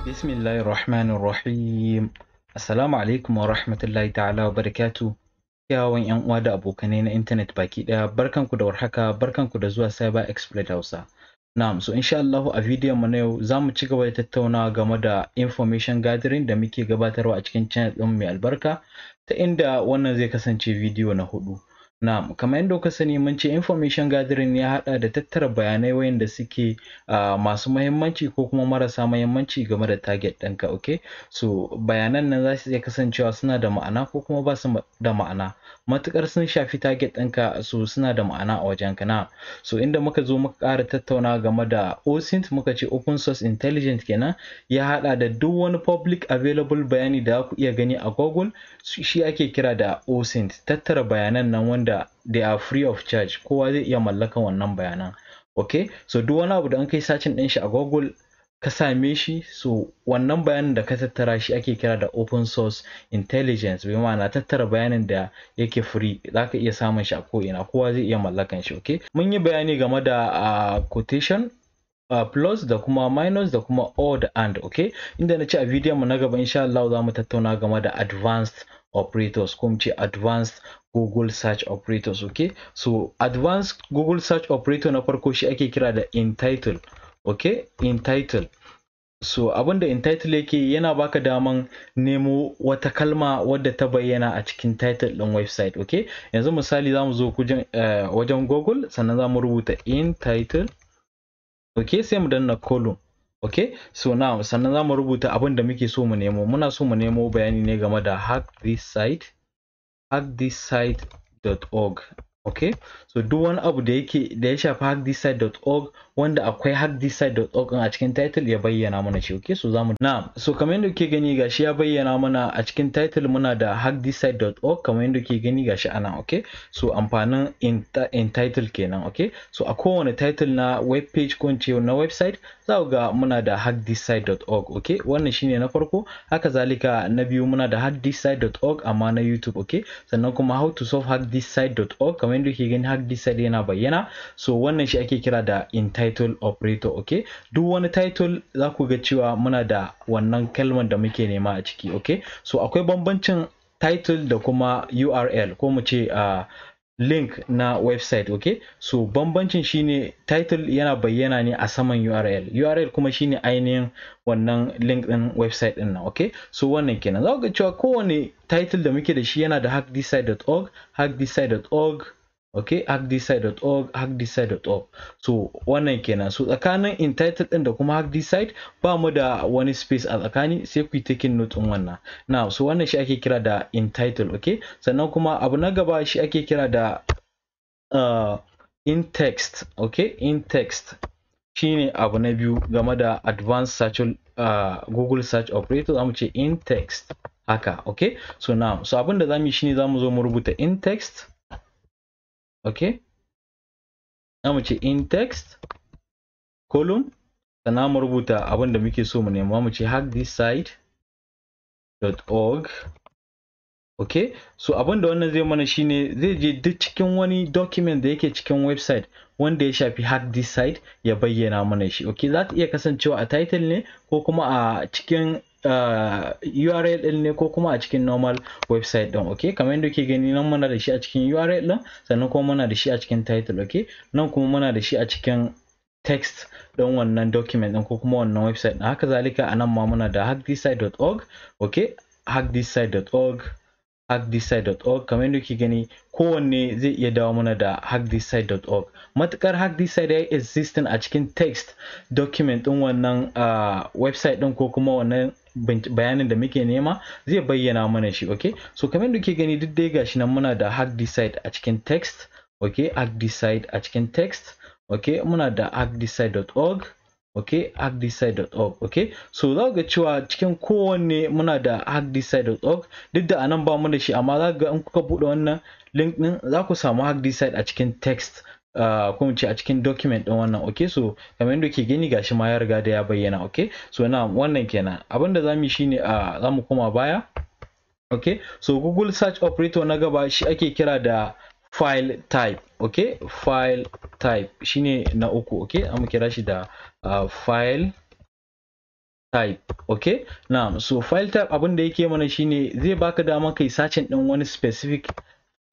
بسم الله الرحمن الرحيم Assalamu alaikum wa rahmatullahi ta'ala wa barakatu. Yawan ‘yan uwa da abokanai na intanet baki ɗaya, barkanku da warhaka, barkanku da zuwa Cyber Expert Hausa. Na'am, so insha Allah a bidiyon mu na yau za ci gaba da tattaunawa game da information gathering da muke gabatarwa a cikin channel ɗin mai albarka, ta inda wannan zai kasance bidiyo na hudu. Na'am, kamar yadda kuka sani mun ce information gathering ya haɗa da tattara bayanai wayanda suke uh, masu mahimmanci ko kuma marasa mahimmanci game da target ɗinka, okay? So, bayanan nan za su iya kasancewa suna da ma'ana ko kuma ba su da ma'ana. matuƙar sun shafi target ɗinka so suna da ma'ana a wajen ka na. So, inda muka zo muka ƙara tattauna game da OSINT muka ce Open Source Intelligent kenan ya haɗa da duk wani public available bayani da ku iya gani a Google shi ake kira da OSINT, tattara bayanan nan wanda wanda they are free of charge kowa zai iya mallakan wannan bayanan okay so duk wani abu da an kai sacin din shi a google ka same shi so wannan bayanin da ka tattara shi ake kira da open source intelligence bai ma'ana tattara bayanin da yake free za ka iya samun shi a ko'ina kowa zai iya mallakan shi okay mun yi bayani game da uh, quotation Uh, plus da kuma minus da kuma all da and okay inda na ci a bidiyon mu na gaba insha Allah za mu tattauna game da advanced operators kumce ce advanced google search operators okay so advanced google search operator na farko shi ake kira da entitle okay entitle so abinda entitle yake yana baka daman nemo wata kalma wadda ta bayyana a cikin title din website okay yanzu misali zamu zo eh, wajen google sannan zamu rubuta entitle oke okay sai mu danna column okay so now sannan zamu rubuta abin da muke so mu nemo muna so mu nemo bayani ne game da hack this site hack this site.org okay so duk wani abu da yake da ya shafi hack this site.org wanda akwai in a cikin title ya bayyana mana shi okay so zamu na so kamar yadda kuke gani gashi ya bayyana mana a cikin title muna da hackthesite.org kamar yadda kuke gani gashi anan okay so amfanin title kenan okay so a kowane title na web page ko ce na website za ku ga muna da hard7o okay wannan shine na farko haka zalika na biyu muna da hard7o amma na YouTube okay sannan kuma how to solve hackthesite.org kamar yadda kuke gani Side yana bayyana so wannan shi ake kira da in title title operator okay duk wani title za ku ga cewa muna da wannan kalmar da muke nema a ciki okay so akwai bambancin title da kuma url ko mu ce link na website okay so bambancin shine title yana bayyana ne a saman url url kuma shine ainihin wannan link din website din nan okay so wannan kenan za ku ga cewa kowane title da muke da shi yana da hackdside.org hackdside.org okay hackdeside.org hackdeside.org so wannan kenan so tsakanin entitled din da kuma hackdeside ba mu da wani space a tsakani sai ku yi taking note din wannan now so wannan shi ake kira da entitled okay sannan kuma abu na gaba shi ake kira da uh, in text okay in text shine abu na biyu game da advanced search uh, google search operator zamu ce in text haka okay so now so abin da zamu yi shine zamu zo mu rubuta in text ok za mu ce in text column sannan mu rubuta abin da muke so mu nema mu ce hack this site .org ok so abin da wannan zai mana shine zai je duk cikin wani document da yake cikin website wanda ya shafi hack this site ya bayyana mana shi ok za ta iya kasancewa a title ne ko kuma a cikin uh, url din ne ko kuma a cikin normal website din ok kamar yadda kuke gani nan muna da shi a cikin url din sannan kuma muna da shi a cikin title ok nan kuma muna da shi a cikin text ɗin wannan document din ko kuma wannan website din haka zalika a nan ma muna da hackthisite.org ok hackthisite.org hackthissite.org kamar yadda kuke gani kowanne zai iya dawo mana da hackthissite.org matukar hackthissite ya existing a cikin text document din wannan uh, website din ko kuma wannan bayanin da muke nema zai bayyana mana shi okay so kamar da kuke gani duk dai gashi nan muna da hack decide a cikin text okay hack decide a cikin text okay muna da hackdecide.org okay hackdecide.org okay so za ga cewa cikin kowanne muna da hackdecide.org duk da anan ba mu da shi amma za ga in kuka bude wannan link din za ku samu hackdecide a cikin text uh, ko ce a cikin document din wannan okay so kamar yadda ke gani gashi ma ya riga da ya bayyana okay so na wannan kenan abin da zamu shine a ah, zamu koma baya okay so google search operator na gaba shi ake kira da file type okay file type shine na uku okay amma kira shi da uh, file type okay na'am so file type abin da yake mana shine zai baka dama kai searching din wani specific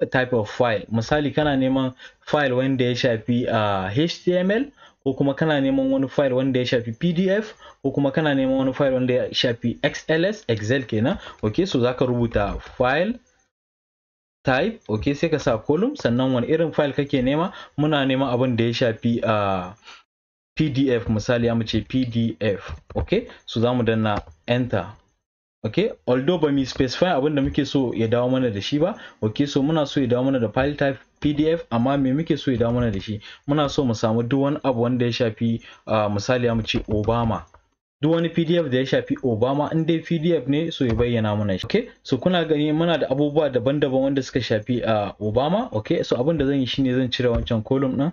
type of file misali kana neman file wanda ya shafi a ah, html ko kuma kana neman wani file wanda ya shafi pdf ko kuma kana neman wani file wanda ya shafi xls excel kenan okay so zaka rubuta file type okay sai ka sa column sannan wani irin file kake nema muna neman abin da ya shafi a ah, pdf misali ya mu ce pdf okay so za mu danna enter okay although ba mi specify abin muke so ya dawo mana da shi ba okay so muna so ya dawo mana da file type pdf amma me muke so ya dawo mana da shi muna so mu samu duk wani abu wanda ya shafi uh, misali mu ce obama duk wani pdf da ya shafi obama in dai pdf ne so ya bayyana mana shi okay so kuna gani muna da abubuwa daban-daban wanda suka shafi uh, obama okay so abin zan yi shine zan cire wancan column din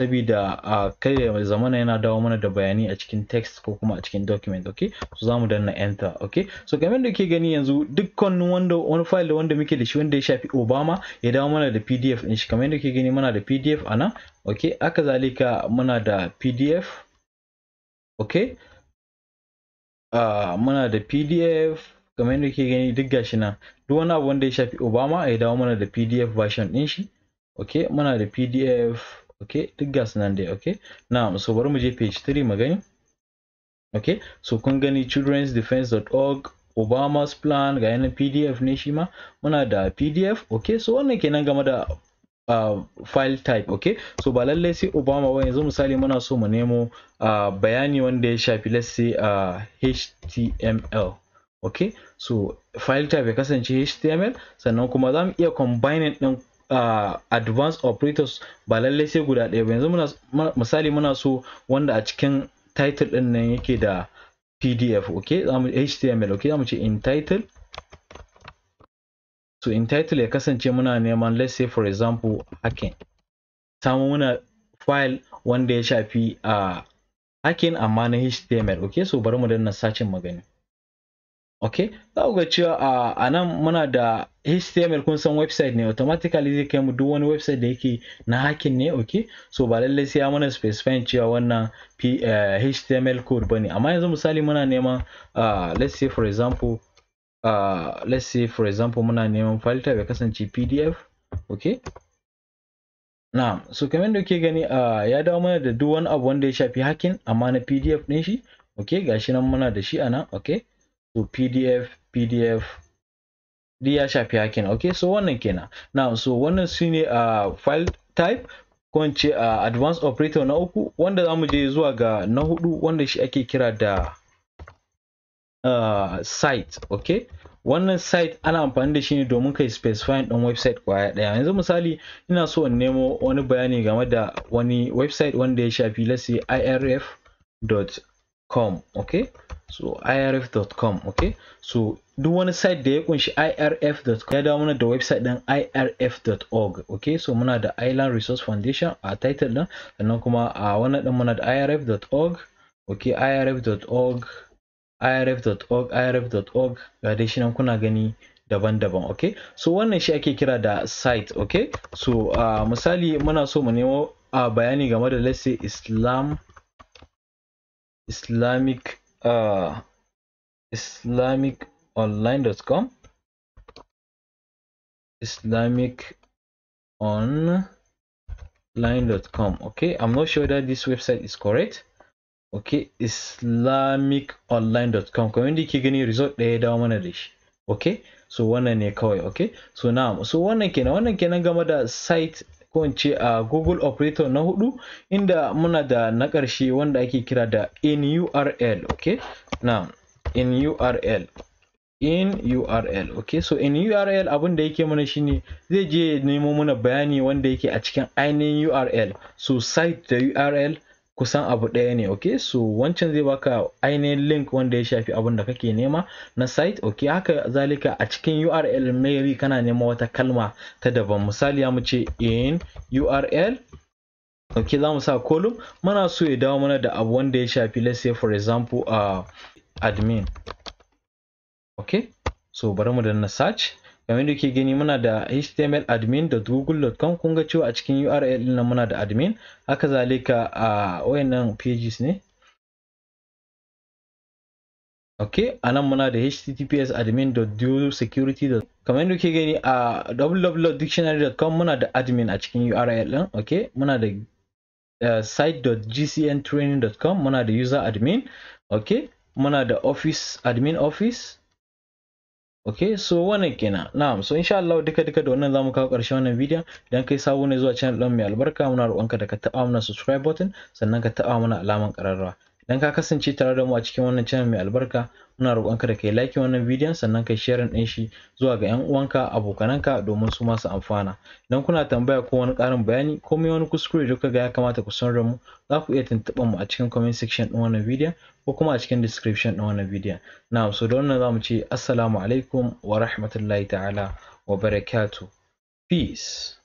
sabida a kai ya zamana yana dawo mana da bayanai a cikin text ko kuma a cikin document okay so zamu danna enter okay so kamar da ke gani yanzu dukkanin wanda wani file da wanda muke da shi wanda ya shafi obama ya dawo mana da pdf din shi kamar da ke gani muna da pdf a okay aka zalika muna da pdf okay uh, muna da pdf kamar da ke gani duk gashi nan duk wani abu wanda ya shafi obama ya dawo mana da pdf version din shi okay muna da pdf okay duk ga nan dai okay now so bari mu je page 3 mu gani okay so kun gani children's defense.org obama's plan ga yanar pdf ne shi ma muna da pdf okay so wannan kenan game da uh, file type okay so ba lallai sai obama ba yanzu misali muna so mu nemo uh, bayani wanda ya shafi let's say uh, html okay so file type ya kasance html sannan kuma za mu iya combining din uh, advanced operators ba lallai sai guda ɗaya ba yanzu muna misali muna so wanda a cikin title ɗin nan yake da pdf okay zamu html okay zamu ce in title so in title ya kasance muna neman let's say for example hacking samu muna file wanda ya shafi a uh, hacking amma na html okay so bari mu danna sacin magani okay za ku ga cewa a nan muna da html kun san website ne automatically zai kai mu duk wani website da yake na hacking ne okay so ba lallai sai ya mana specify cewa wannan html eh, code bane amma yanzu misali muna neman let's say for example uh, let's say for example muna neman file type ya kasance pdf okay na so kamar da kuke gani uh, ya dawo mana da duk wani abu wanda ya shafi hacking amma na pdf din shi okay gashi nan muna da shi a nan okay to pdf pdf duk ya shafi hakin okay so wannan kenan now so wannan shine a uh, file type ko in ce a uh, advanced operator na uku wanda zamu je zuwa ga na hudu wanda shi ake kira da uh, site okay wannan site ana amfani da shi ne domin kai specifying ɗin website kwaya ɗaya yanzu misali ina so in nemo wani bayani game da wani website wanda ya shafi let's say irf com okay so irf.com okay so duk wani site da ya kunshi irf.com ya dawo mana da website din irf.org okay so muna da Island Resource Foundation a title din sannan kuma a wannan din muna da irf.org okay irf.org irf.org irf.org ga dai shi nan kuna gani daban-daban okay so wannan shi ake kira da site okay so uh, misali muna so mu nemo uh, bayani game da let's say islam islamic uh islamic online.com islamic online.com okay i'm not sure that this website is correct okay islamic online.com community ki gani result ɗaya eh, dawo okay so wannan ne kawai okay so now so wannan kenan wannan kenan game site ko in ce a google operator na hudu inda muna da na ƙarshe wanda ake kira da in url ok na in url in url ok so in url abin da yake mana shine zai je nemo mana bayani wanda yake a cikin ainihin url so site da url kusan abu ɗaya ne ok so wancan zai baka ainihin link wanda ya shafi abin da kake nema na site ok haka zalika a cikin url Mary kana nema wata kalma ta daban misali ya muce in url ok za mu sa column muna so ya dawo mana da abu wanda ya shafi let's say for example uh, admin ok so bari mu danna search kamar yadda kuke gani muna da html admin da google.com kun ga cewa a cikin url din nan muna da admin haka zalika a wayannan pages ne ok a nan muna da https admin security kamar yadda kuke gani a www.dictionary.com muna da admin a cikin url din ok muna da uh, site.gcntraining.com muna da user admin ok muna da office admin office ok so wannan kenan. Na'am, so insha Allah duka duka da wannan zamu kawo karshen wannan bidiyon. Idan kai sabo ne zuwa channel ɗin mai albarka muna ka da ka taɓa mana subscribe button sannan ka taɓa mana alamar ƙararrawa. idan ka kasance tare da mu a cikin wannan channel mai albarka muna roƙonka da kai like wannan bidiyon sannan kai share din shi zuwa ga yan uwanka abokananka domin su ma amfana idan kuna tambaya ko wani ƙarin bayani ko mai wani kuskure da kuka ga ya kamata ku san mu za ku iya tuntuɓar mu a cikin comment section din wannan bidiyon ko kuma a cikin description din wannan bidiyon na so da wannan mu ce assalamu alaikum wa rahmatullahi ta'ala wa barakatuh peace